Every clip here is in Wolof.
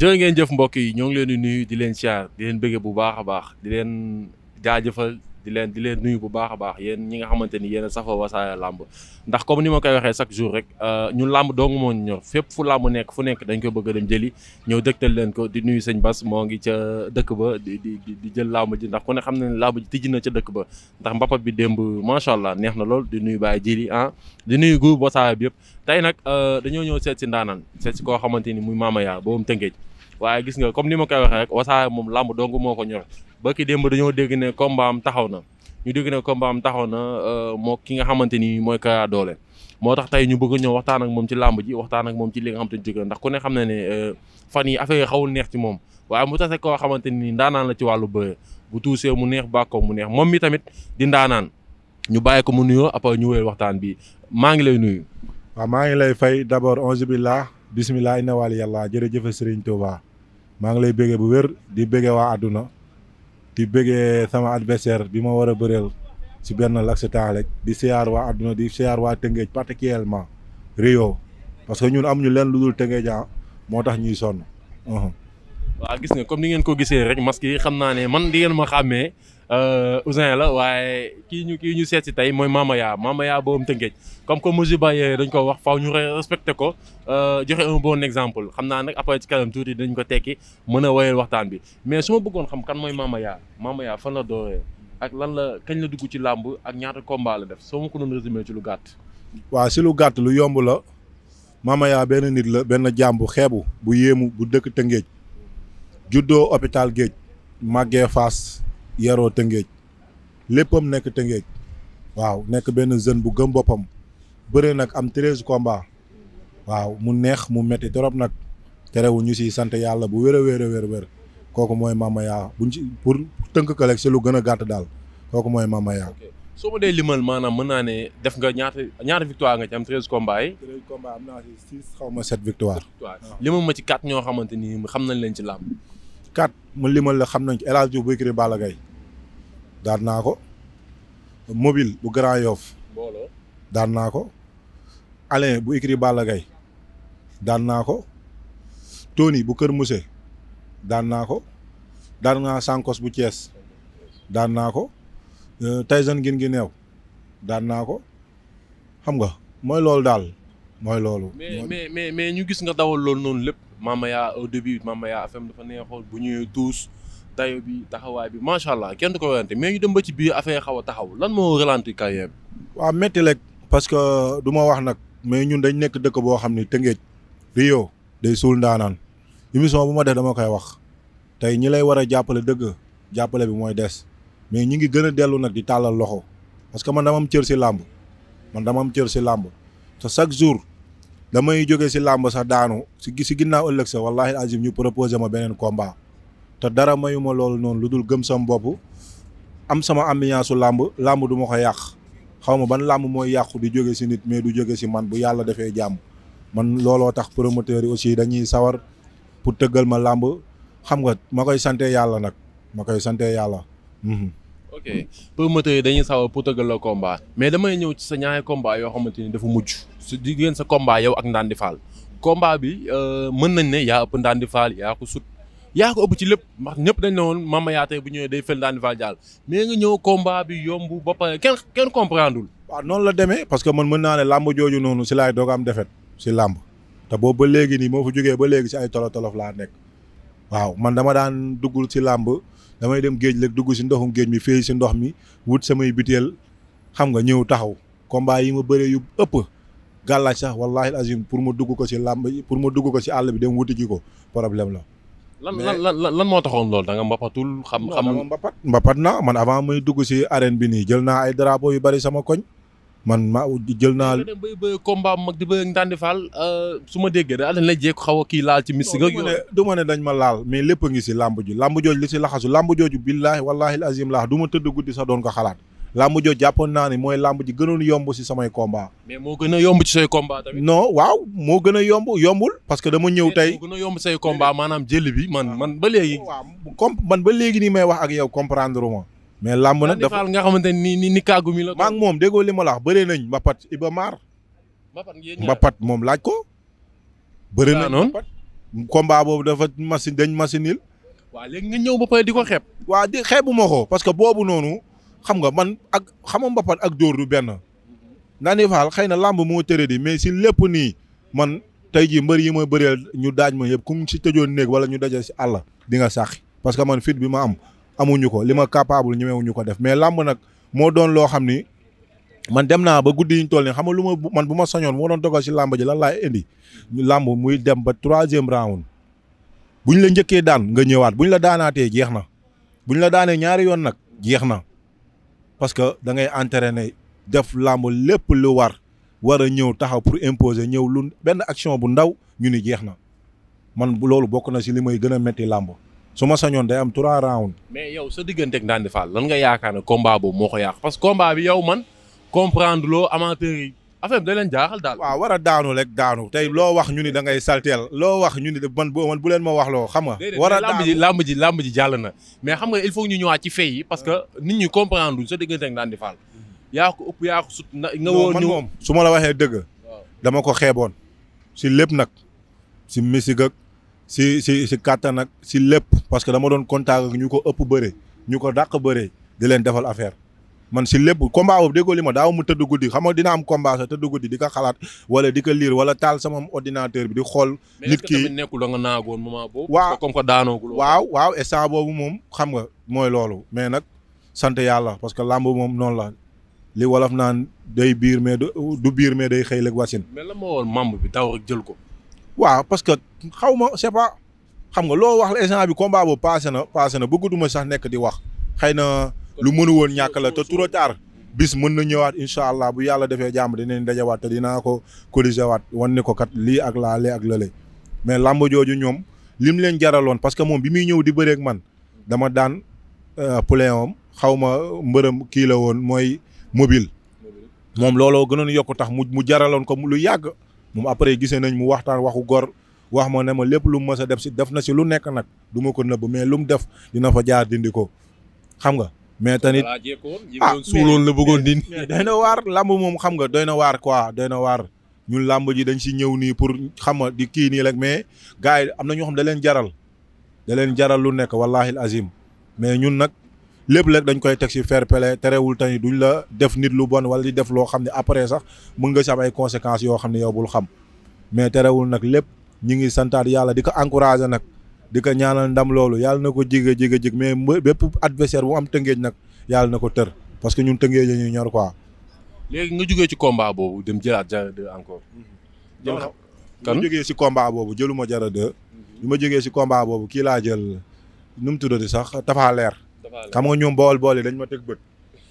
jërë ngeen jëf mbokk yi ñoo ngi leen di nuyu di leen siyaar di leen baax a baax di leen jaajëfal di leen di leen nuyu bu baax a baax yéen ñi nga xamante ni yéen a safoo Wassare ndax comme ni ma koy waxee chaque jour rek euh, ñun làmb dong moo ñor fépp fu làmb nekk fu nekk dañ ko bëgg a dem jëli ñëw dëgtal leen ko di nuyu sëñ Bas moo ngi ca dëkk ba di jël làmb ji ndax ko ne xam na ne làmb ji tijji na ca dëkk ba ndax mbapat bi démb macha allah neex na lool di nuyu Baye Jili ah di nuyu guub Wassare bi yëpp tey nag euh, dañoo ñëw seet si ndaanaan seet si koo xamante ni muy Mama Yaa boobu Tëngéej waaye gis nga comme ni ma koy waxee rek wasaare moom làmb dong moo ko ñor ba ki démb dañoo dégg ne combat am taxaw na ñu dégg ne kombaam am taxaw na euh, moo ki nga xamante ni mooy Kara Dollé moo tax tey ñu bëgg ñëw waxtaan ak moom ci làmb ji waxtaan ak moom ci li nga xamante ni jóge ndax ku ne xam ne ne euh, fan yi affaire xawul neex ci moom waaye mu tase koo xamante ni ndaanaan la ci wàllu bëre bu tuusee mu neex ko mu neex moom mi tamit di ndaanaan ñu bàyyi ko mu nuyoo après ñu wéyal waxtaan bi maa ngi lay nuyu. waaw maa ngi lay fay d'abord onze billah bismillah inna wali yàlla jërëjëf Serigne Touba maa ngi lay béggee bu wér di béggee waa àdduna di béggee sama adversaire bi ma war a bëreel si benn lax temps di siyaar waa àdduna di siyaar waa Tëngéej particulièrement Rio parce que ñun amuñu leen lu dul Tëngéej ah, moo tax ñuy sonn. waa gis nga comme ni ngeen ko gisee rek masque yi xam naa ne man di ngeen ma xàmmee euh, Ousin la waaye kii ñu kii ñu seet si tey mooy Mamaya Mamaya boobu Tëngéej comme que mesure barrière dañ ko wax faw ñu respecté ko euh, joxe un bon exemple xam naa nag après ci tuuti dañ ko tekki mën a woyal waxtaan bi mais su ma bëggoon xam kan mooy Mamaya Mamaya fan la dooree ak lan la kañ la dugg ci làmb ak ñaata combat la def soo ma ko doon résumé ci lu gàtt. waaw si lu gàtt lu yomb la Mamaya benn nit la benn jaam bu xeebu bu yéemu bu dëkk Tëngéej. juddoo hôpital géej màggee Fass yaroo Tëngéej léppam nekk Tëngéej waaw nekk benn jeune bu gëm boppam bëre nag am treize combats waaw mu neex mu metti torop nag terewul ñu si sant yàlla bu wér a wér a wér wér kooku mooy Mama Yaa buñ ci pour tënk ko rek si lu gën a gàtt daal kooku mooy Mama Yaa. soo ma dee limal maanaam mën naa ne def nga ñaata ñaata victoire nga ci am treize combats yi. treize combats am naa si six xaw ma victoire. li ma ma ci quatre ñoo xamante ni xam nañ leen ci làmb. quatre ma limal la xam nañ ci El Hadj Diouf bu écurie Balla daan naa ko mobile bu Grand Yoff daan naa ko Alain bu écurie Balla daan naa ko Tony bu Kër Mousse daan naa ko daan naa Sankos bu Thiès daan naa ko euh, Tyson gin gi neew daan naa ko xam nga mooy loolu daal mooy loolu. mais mais mais ñu gis nga dawal loolu noonu lépp. Mamaya au début Mamaya affaire dafa neexoon bu ñuy tous dayo bi taxawaay bi macha allah kenn du ko werante mais ñu dem ba ci biir affaire xaw a taxaw lan moo ralenti carrière bi. waaw métti rek parce que du ma wax nag mais ñun dañ nekk dëkk boo xam ne Tëngéej Rio day suul ndaanaan émission bu ma def dama koy wax tey ñi lay war a jàppale dëgg jàppale bi mooy des mais ñi ngi gën a dellu nag di tàllal loxo parce que man dama am cër si làmb man dama am cër si làmb te chaque jour. damay jóge si làmb sax daanu si si ginnaaw ëllëg sax wallaahi azim ñu proposé ma beneen combat te dara mayuma loolu noonu lu dul gëm sam bopp am sama ambiance su làmb làmb du ma ko yàq xaw ma ban làmb mooy yàqu di jóge si nit mais du jóge si man bu yàlla defee jàmm man looloo tax promoteurs yi aussi dañuy sawar pour tëggal ma làmb xam nga ma koy sante yàlla nag ma koy sante yàlla. Mhm. ok promoteurs yi dañuy sawa pour tëggal la combat mais damay ñëw ci sa ñaari combat yoo xamante ni dafa mujj su diggéen sa combat yow ak Ndandi Fall combat bi euh, mën nañ ne yaa ëpp Ndandi Fall yaa ko sut yaa ko ëpp ci lépp ndax ñëpp dañ ne woon Mama Yatté bu ñëwee day fel Ndandi Fall jàll mais nga ñëw combat bi yomb ba pare kenn kenn comprendul waaw noonu la demee parce que man mën naa ne làmb jooju noonu si laay doog am defet si làmb te boobu ba léegi nii moo fa jógee ba léegi si ay tolo laa nekk waaw man dama daan duggul si làmb damay dem géej rek dugg si ndoxum géej mi fii si ndox mi wut samay biteel xam nga ñëw taxaw combat yi ma bëree yu ëpp gàllaaj sax wallaahi azim pour ma dugg ko si làmb pour ma dugg ko si àll bi dem wuti ji ko problème la. lan lan lan lan moo taxoon loolu da nga mbapatul. xam xam mbapat mbapat na man avant may dugg si arène bi nii jël naa ay drapeau yu bari sama koñ. man ma jël naa. nga dem bay bëy combat mag di bëy Ndandi Fall euh, su ma déggee daal dañ lay jéeg xaw a kii laal ci mystique ak. ne du ne dañ ma laal mais lépp a ngi si làmb ji làmb jooju li si laxasu làmb jooju billaahi wallaahi azim laax du ma tëdd guddi sax doon ko xalaat làmb jooju jàppoon naa ne mooy làmb ji gënoon yomb si samay combat. moo gën a yomb ci say combat tamit. non waaw moo gën a yomb yombul. parce que dama ñëw tey moo gën a yomb say combat maanaam jëli bi man man ba léegi. waaw comme man ba léegi nii may wax ak yow comprendre ma mais làmb nag dafa nga xamante ni ni ni kàggu mi la. maa ngi moom déggoo li ma la wax bëree nañ Mbapat Iba Mar. Mbapat moom laaj ko. bëri na noonu Mbapat. combat boobu dafa machine dañ machinil. waa léegi nga ñëw ba pare di ko xeeb. waa di xeebu ma ko parce que boobu noonu xam nga man ak xam nga Mbapat ak dóor du benn. Nandy Fall xëy na làmb moo tëre di mais si lépp nii man tey jii mbër yi ma bëreel ñu daaj ma yëpp ku si tëjoon néeg wala ñu daje si àll di nga sàq parce que man fit bi ma amuñu ko li ma capable ñemewuñu ko def mais làmb nag moo doon loo xam ni man dem naa ba guddi yi ñu toll nii xam nga lu ma man bu ma soñoon moo doon dogal si làmb ji lan laay indi làmb muy dem ba troisième round bu ñu la njëkkee daan nga ñëwaat bu ñu la daanaatee jeex na bu ñu la daanee ñaari yoon nag jeex na parce que da ngay entraîné def làmb lépp lu war war a ñëw taxaw pour imposer ñëw lu benn action bu ndaw ñu ni jeex na man loolu bokk na si li may gën a métti làmb su ma sañoon day am trois rounds. mais yow sa digganteeg Ndandi Fall lan nga yaakaar ne combat boobu moo ko yàq parce que combat bi yow man comprendre loo amateur yi affaire bi da leen jaaxal daal. waaw war a daanu rek daanu tey loo wax ñu ni da ngay salteel loo wax ñu ni man boo man bu leen ma wax loo xam nga. war a daanu làmb ji làmb ji jàll na mais xam nga il faut ñu ñëwaat ci fay yi parce que nit ñi comprendre sa digganteeg Ndandi Fall. yaa ko ëpp yaa ko sut na nga moom su ma la waxee dëgg. dama ko xeeboon si lépp nag si misig si si si kàttan nag si lépp parce que dama doon contact ak ñu ko ëpp bëre ñu ko dàq bëre di leen defal affaire man si lépp combat boobu déggoo li ma daaw mu tëdd guddi xam nga dina am combat sa tëdd guddi di ka xalaat wala di ko liir wala taal sama ordinateur bi di xool. nit ki mais tamit nga naagoon moment boobu. waaw comme ko daanoogul waaw waaw instant boobu moom xam nga mooy loolu mais nag sant yàlla parce que làmb moom noonu la li wolof naan day biir mais du biir mais day xëy lek wasin mais la ma woon bi taw rek jël ko. waaw parce que xaw ma c'est pas xam nga loo wax la instant bi combat boobu passé na passé na bëggatuma sax nekk di wax xëy na lu mënu woon ñàkk la te trop tard bis mën na ñëwaat incha allah bu yàlla defee jàmm dinañ dajawaat te dinaa ko corriger waat wan ne ko kat lii ak laa lee ak lële mais làmb jooju ñoom lim leen jaraloon parce que moom bi muy ñëw di bëreek man dama daan euh, poulain am xaw ma mbërëm kii la woon mooy mobile moom looloo gënoon yokk tax mu mu jaraloon ko lu yàgg moom après gisee nañ mu waxtaan waxu gor wax ma ne ma lépp lu mu a def si def na si lu nekk nag du ma ko nëbb mais lu def dina fa jaar dindi ko xam nga. mais tamit ah suuloon la bëggoon dindi. doy na waar làmb moom xam nga doy na waar quoi doy na waar ñun làmb ji dañ si ñëw nii pour xam nga di kii nii rek mais gars yi am na ñoo xam da leen jaral da leen jaral lu nekk wallaahi azim mais ñun nag lépp léeg dañ koy teg ci fair play terewul tamit duñ la def nit lu bon wala di def loo xam ne après sax mën nga ci am ay conséquences yoo xam ne yow bul xam mais terewul nag lépp ñu ngi santaat yàlla di ko encouragé nag di ko ñaanal ndam loolu yàlla na ko jige jige jig mais bépp adversaire bu am tëngeej nag yàlla na ko tër parce que ñun tëngeej la ñuy ñor quoi. léegi nga jógee ci combat boobu dem jëlaat Jara 2 encore. Mm-hmm. jëlaat kan ma jógee si combat boobu jëluma Jara 2. Mm-hmm. ma jógee si combat boobu kii laa jël nu mu tuddati sax Tafa Leer. xam nga ñoom bool bool yi dañ ma teg bët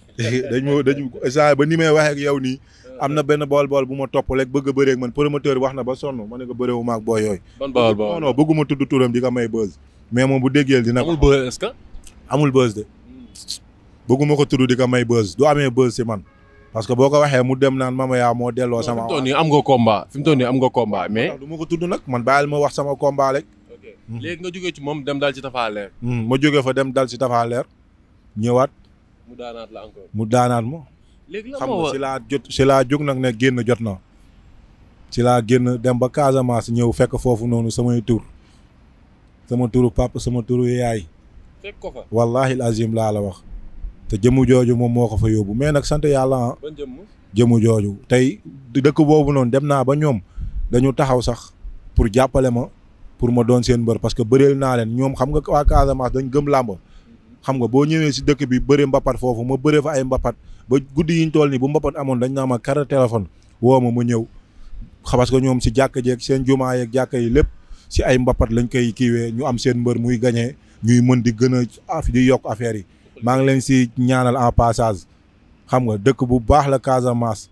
dañ ma dañ saa ba ni may waxee ak yow nii am na benn bool bool bu ma topp rek bëgg a bëree ak man promoteur wax na ba sonn ma ne ko bëreewu ma ak booy yooyu. ban bëgguma tudd turam di ko may buzz. mais moom bu déggee dina amul buzz amul buzz de bëgguma ko tudd di ka may buzz du amee buzz si man parce que boo ko waxee mu dem naan ma yaa moo delloo sama. fi mu toll am nga combat fi mu toll am nga combat mais. du ma ko tudd nag man bàyyil ma wax sama combat rek. Hmm. nga jógee ci moom dem dal ci Tapha Leer. Hmm, ma jógee fa dem dal ci Tapha Leer ñëwaat. mu daanaat mu daanaat ma. léegi xam nga si laa jot si laa jóg nag ne génn jot na. si laa génn dem ba Casamance ñëw fekk foofu noonu samay tur sama turu papa sama turu yaay. fekk ko fa wallaahi azim laa la wax. te jëmu jooju moom moo ko fa yóbbu mais nag sant yàlla ah. ban jëmm jooju tey dëkk boobu noonu dem naa ba ñoom dañu taxaw sax pour jàppale ma pour ma doon seen mbër parce que bëreel naa leen ñoom xam nga waa Casamance dañ gëm làmb xam nga boo ñëwee si dëkk bi bëre mbapat foofu ma bëre fa ay mbapat ba guddi yi ñu toll nii bu mbapat amoon dañ naa ma carte téléphone woo ma ma ñëw xabas ko ñoom si jàkka jeeg seen jumaa yeeg jàkk yi lépp si ay mbapat lañ koy kiiwee ñu am seen mbër muy gañee ñuy mën di gën a di yokk affaire yi maa ngi leen si ñaanal en passage xam nga dëkk bu baax la Casamance.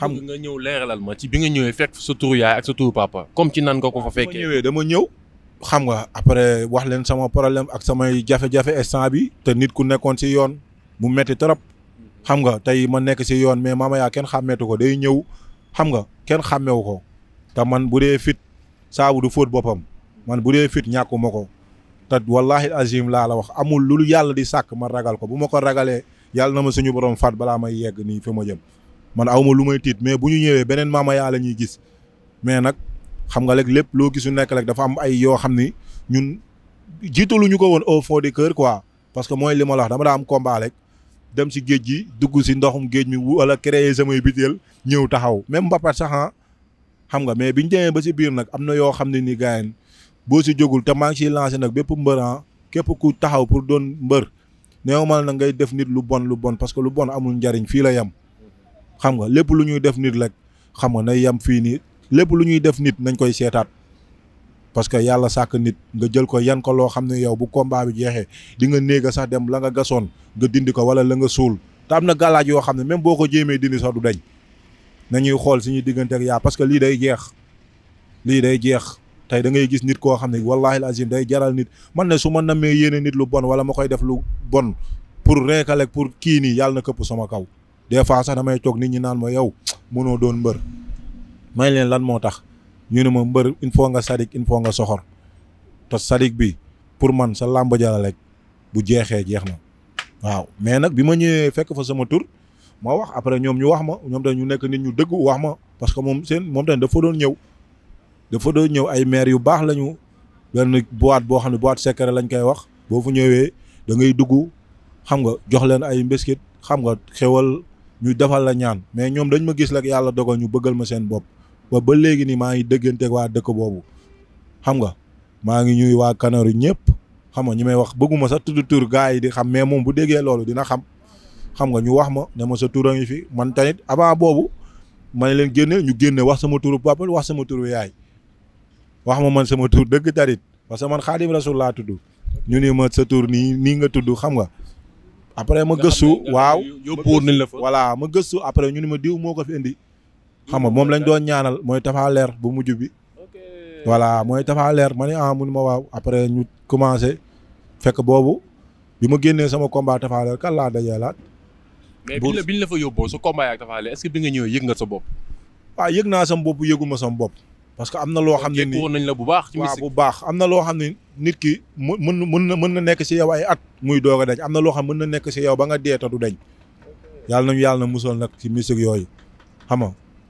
xam nga ñëw leeralal ma ci bi nga ñëwee fekk sa turu yaay ak sa turu papa. comme ci nan nga ko fa fekkee dama ñëw. xam nga après wax leen sama problème ak samay jafe-jafe instant bi te nit ku nekkoon si yoon mu metti trop xam nga tey ma nekk si yoon mais Mama Yaa kenn xàmmeetu ko day ñëw xam nga kenn xàmmeewu ko te man bu dee fit saabu du fóot boppam man bu dee fit ñàkkuma ko te wallaahi azim laa la wax amul lu yàlla di sàkk ma ragal ko bu ma ko ragalee yàlla na ma suñu borom faat balaa may yegg nii fi ma jëm man awma lu may tiit mais bu ñu ñëwee beneen Mama la ñuy gis mais nag xam nga rek lépp loo gisu nekk rek dafa am ay yoo xam ni ñun jiitaluñu ko woon au fond du cœur quoi parce que mooy li ma la wax dama daa am combat rek dem si géej gi dugg si ndoxum géej mi wala créer samay biteel ñëw taxaw même mbapat sax ah, xam nga mais biñ demee ba si biir nag am na yoo xam ne ni gars yi boo si jógul te maa ngi siy lancé nag bépp mbëran ah, képp ku taxaw pour doon mbër néew ma na ngay def nit lu bon lu bon parce que lu bon amul njariñ fii la yem xam nga lépp lu ñuy def nit rek xam nga na yem fii nii lépp lu ñuy def nit nañ koy seetaat parce que yàlla sàkk nit nga jël ko yan ko loo xam ne yow bu combat bi jeexee di nga néeg sax dem la nga gasoon nga dindi ko wala la nga suul te am na gàllaaj yoo xam ne même boo ko jéemee dindi sax du dañ nañuy xool suñuy diggante ak yaa parce que lii day jeex lii day jeex tey da ngay gis nit koo xam ne wallaahi azim day jaral nit man ne su ma namee yéene nit lu bon wala ma koy def lu bon pour récolter pour kii nii yàlla na këpp sama kaw des fois sax damay toog nit ñi naan ma yow mënoo doon mbër may leen lan moo tax ñu ne ma mbër il faut nga sadik il nga soxor te sadik bi pour man sa làmb jala rek bu jeexee jeex na waaw mais nag bi ma ñëwee fekk fa sama tur ma wax après ñoom ñu wax ma ñoom tamit ñu nekk nit ñu dëgg wax ma parce que moom seen moom tamit dafa doon ñëw dafa doon ñëw ay maire yu baax lañu benn boîte boo xam ne boîte secret lañ koy wax boo fu ñëwee dangay dugg xam nga jox leen ay mbiskit xam nga xewal ñu defal la ñaan mais ñoom dañ ma gis lak yàlla dogal ñu bëggal ma seen bopp ba ba léegi nii maa ngi dëgganteeg waa dëkk boobu xam nga maa ngi ñuy waa Kanaru ñëpp xam nga ñu may wax bëgguma sax tudd tuur gars yi di xam mais moom bu déggee loolu dina xam xam nga ñu wax ma ne ma sa tuur a ngi fi man tamit avant boobu ma ne leen génne ñu génne wax sama turu papa wax sama turu yaay wax ma man sama tur dëgg tarit parce que man Xaadim Rasul laa tudd ñu ne ma sa tur nii nii nga tudd xam nga après ma gëstu waaw yóbbuwoon nañ la fa voilà ma gëstu après ñu ne ma diw moo ko fi indi xam nga moom lañ doon ñaanal mooy Tapha Leer bu mujj bi. voilà mooy tafaa Leer ma ne ah mu ma waaw après ñu commencé fekk boobu bi ma génnee sama kombaa Tapha Leer kan laa dajee laat. mais la biñ la fa yóbboo sa combat ak Tapha Leer est-ce que bi nga ñëwee yëg nga sa bopp. waaw yëg naa sama bopp yëgu sama bopp. parce que am na loo xam ne nii woon nañ la bu baax. ci bu baax am loo xam ne nit ki mu mën mun na mën na nekk si yaw ay at. muy doog dañ am na loo xam mën na nekk si yow ba nga dee du dañ. yàlla nañu yàlla na musal nag ci mystique yooyu xam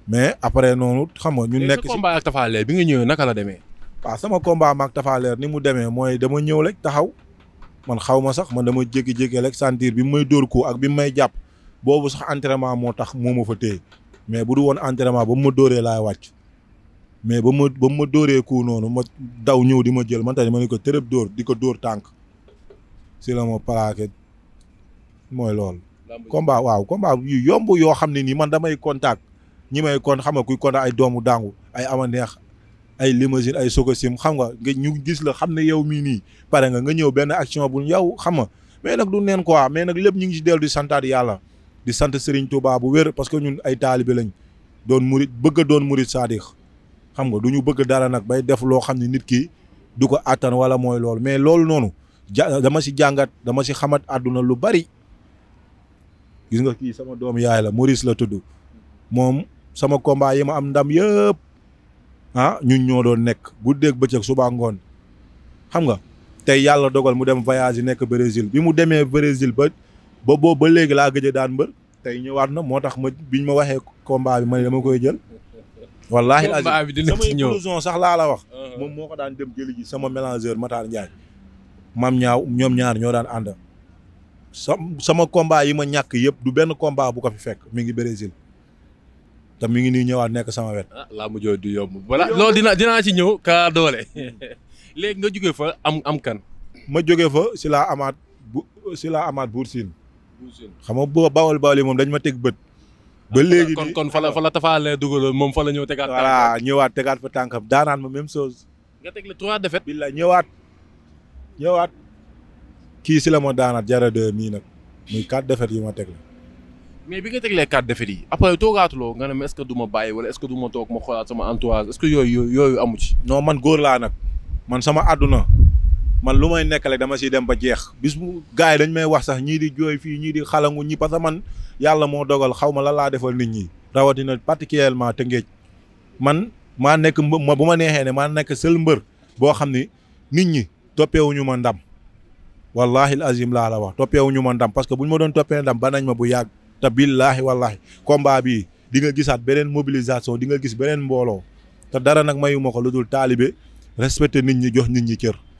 mais après noonu xam nga ñu nekk si combat ak bi nga ñëwee naka la demee. waaw ah, sama combat ak Tapha ni mu demee mooy dama ñëw rek taxaw man xaw ma sax man dama jékki-jékki rek santiir bi mu may dóor ko ak bi mu may jàpp boobu sax entraînement moo tax moo ma fa téye mais bu du woon entraînement ba mu ma dóoree laay wàcc mais ba mu ba ma dóoree ku noonu ma daw ñëw di ma jël man tamit ma ne ko tërëb dóor di ko dóor tànk si la ma plaqué mooy loolu. combat waaw combat yu yomb yoo xam ne nii man damay contact. ñi may kon xam nga kuy kon ay doomu daangu ay amaneex ay limousine ay sokosim xam nga nga ñu gis la xam ne yow mii nii pare nga nga ñëw benn action bu yow xam na mais nag du neen ko quoi mais nag lépp ñu ngi si dellu di santaat yàlla di sant Serigne Touba bu wér parce que ñun ay taalibe lañ doon murit bëgg a doon murit saadix xam nga du ñu bëgg dara nag bay def loo xam ne nit ki du ko àttan wala mooy loolu mais loolu noonu ja dama si jàngat dama si xamat àdduna lu bari gis nga kii sama doom yaay la Maurice la tudd sama combat yi ma am ndam yëpp ah ñun ñoo doon nekk guddeeg bëccëg suba ngoon xam nga tey yàlla dogal mu dem voyage nekk Brésil bi mu demee Brésil ba ba boobu ba léegi laa gëj a daan mbër tey ñëwaat na moo tax ma biñ ma waxee combat bi ma ne dama koy jël. wallaahi combat bi dina ci ñëw inclusion sax laa la wax. Uh-huh. moom moo ko daan dem jëli ji sama mélangeur Matar Ndiaye. mam ñaaw ñoom ñaar ñoo daan ànd. sa sama combat yi ma ñàkk yëpp du benn combat bu ko fi fekk mu ngi Brésil. te mi ngi nii ñëwaat nekk sama wet. ah laa du yomb voilà loolu dina dinaa si ñëw kaa doole léegi nga jóge fa am am kan. ma jóge fa si laa amaat bu si laa amaat buur siin. xam nga boo bawal bawal yi moom dañ ma teg bët. ba ah, léegi kon kon fa la fa la tafaalee dugaloon moom fa la ñëw tegaat. voilà ñëwaat tegaat fa tànkam daanaan ma même sose nga teg la trois défaites. billaay ñëwaat ñëwaat. kii si la ma daanaat jara de mii nag muy quatre défaites yi ma teg la. mais bi nga teglee quatre défaites yi après toogaatuloo nga ne ma est ma bàyyi wala est-ce que du ma toog ma xoolaat sama entourage est-ce que yooyu yooyu amu ci. non man góor laa nag man sama àdduna man lu may nekk rek dama si dem ba jeex bis bu gars yi dañ may wax sax ñii di jooy fii ñii di xalangu ñi parce que man yàlla moo dogal xaw ma la laa defal nit ñi rawatina particulièrement Tëngéej man maa nekk ma bu ma neexee ne maa nekk seul mbër boo xam ne nit ñi toppeewuñu ma ndam wallahi azim laa la wax toppeewuñu ma ndam parce que ma doon toppee ndam ba ma bu yàgg. te billaahi wallaahi combat bi di nga gisaat beneen mobilisation di nga gis beneen mbooloo te dara nag mayuma ko lu dul taalibe respecté nit ñi jox nit ñi cër.